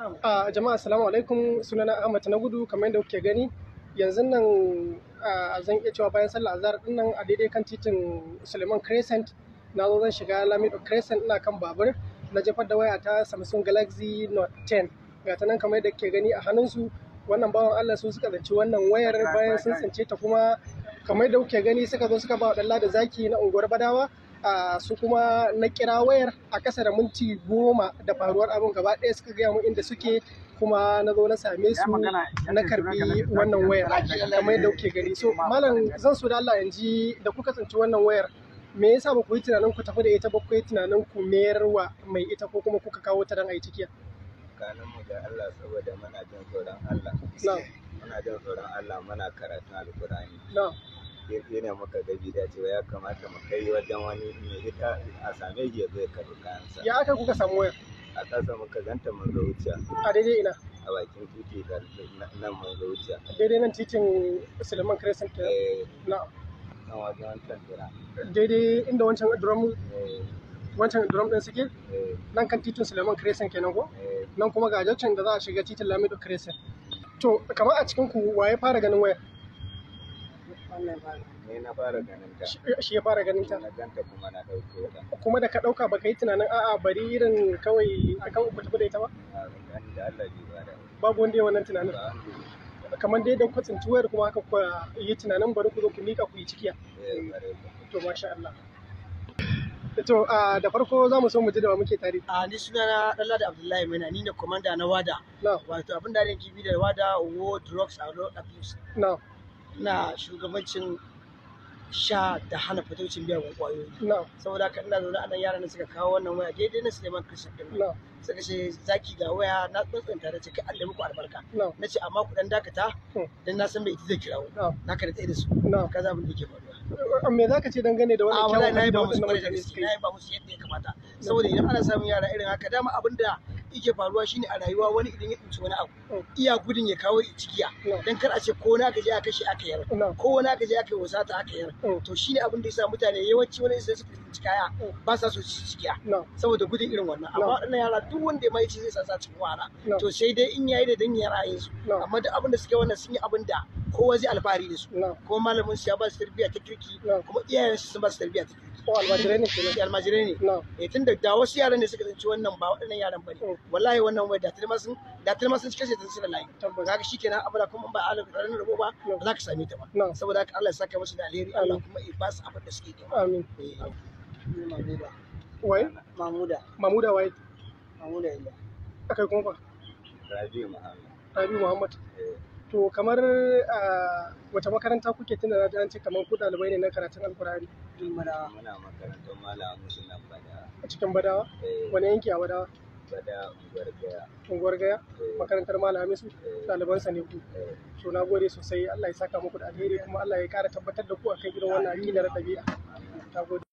A ah, jama'a assalamu alaikum sunana Ahmad na gudu kamar yadda kuke gani yanzu nan a ah, zan iya cewa bayan sallah azhar din nan a daidai kan titin Suleiman Crescent na zo zan shiga Lamido Crescent ina kan babur na jefar da waya ta Samsung Galaxy Note 10 ga ta nan kamar yadda kuke gani a hannunsu wannan bawan Allah su suka zanci wannan wayar bayan sun tsince ta kuma kamar yadda kuke gani suka zo suka ba wa da zaki na unguwar Badawa su kuma na kira wayar a ƙasa da minti goma da faruwar abin gaba ɗaya suka gaya mu inda suke kuma na zo na same su na karbi wannan wayar kamar yadda kuke gani so malam zan so da Allah yanzu da kuka tsinci wannan wayar me yasa ba ku yi tunanin ku tafi da ita ba ku yi tunanin ku mayarwa mai ita ko kuma kuka kawo ta dan a yi cikiya tsakaninmu da Allah saboda muna jin tsoron Allah muna jin tsoron Allah muna karatun alkurani yana maka gabi da cewa ya kamata mu kai wajen wani mai ita a same shi ya zai karɓi Ya aka kuka samu waya. A ƙasa muka ganta mun zo wuce. A daidai ina? A bakin titi nan mun zo wuce. Daidai nan titin Crescent? Na. Kan eh. wajen wancan Daidai inda wancan drum eh. wancan drum suke? Eh. Nan kan titin Suleiman Crescent kenan ko? Nan kuma ga jaccin da za a shiga titin Lamido Crescent. To kamar a cikin ku waye fara ganin waya? ne na fara ganin ta shi ya fara ganin ta kuma na dauke ta kuma da ka dauka baka yi tunanin a'a bari irin kawai akan uku tafi da ita ba babu wanda ya wannan tunanin kamar dai da kwatsin tuwayar kuma haka ku yi tunanin bari ku zo ku mika ku yi cikiya eh, to masha Allah to da farko za mu so mu ji da wa muke tare a ni suna na dalla da abdullahi mai ni ne komanda na wada wato abin da kifi da wada wo drugs and road abuse na shugabancin sha da hana fitocin miyagun kwayoyi saboda haka ina zaune anan yaran suka kawo wannan waya daidai na suleiman krishan din suka ce zaki ga waya na tare ce ka allah muku albarka na ce amma ku ɗan dakata hmm. dan na san mai ita zai kirawo na ka da tsaye da su ka eh, eh, za mu dake faruwa me zaka ce dangane da wannan kyawun da wannan mutane na yi ba musu yadda ya kamata saboda idan ana samun yara irin haka dama abinda yake faruwa shine a rayuwa wani idan ya tsinci wani abu mm. iya gudun ya kawo cikiya mm. dan kar a ce ko na gaje aka shi aka yar mm. ko wani aka je aka wasa ta aka yar to shine abin da yasa mutane yawanci wani sai suka tsinci kaya ba sa so su cikiya saboda gudun irin wannan amma wannan yara duk wanda ya mai ci zai sa cikin wahala to sai dai in yayi da dan yara a su amma duk abin da suke wannan sun yi abin da kowa zai alfahari da su Ko malamin su ya ba su tarbiyya ta kirki kuma iyayen su sun ba su tarbiyya ta kirki almajirai ne almajirai ne eh, tun da wasu yaran ne suka tsinci wannan ba waɗannan yaran bane wallahi wannan wai da tilma sun da tilma sun kashe ta suna layi kaga shikenan abada kuma ba Allah ka ranar rabo ba ba za ka same ta ba saboda haka Allah ya saka musu da alheri Allah kuma ya ba su abin da suke nema amin mamuda eh, wai mamuda mamuda wai mamuda ila akai kuma fa Rabi Muhammad Rabi Muhammad eh. to kamar wata makaranta kuke tunda na an ce kamar ku ɗalibai ne na karatun alkurari muna makarantar malam musu nan badawa a cikin badawa eh. wani yanki a badawa gada unguwar gaya eh. makarantar malami su eh. ɗalibansa ne ku so eh. na gode sosai allah ya saka muku da alheri kuma allah ya ƙara tabbatar da ku akan irin wannan aƙidar ɗabi'a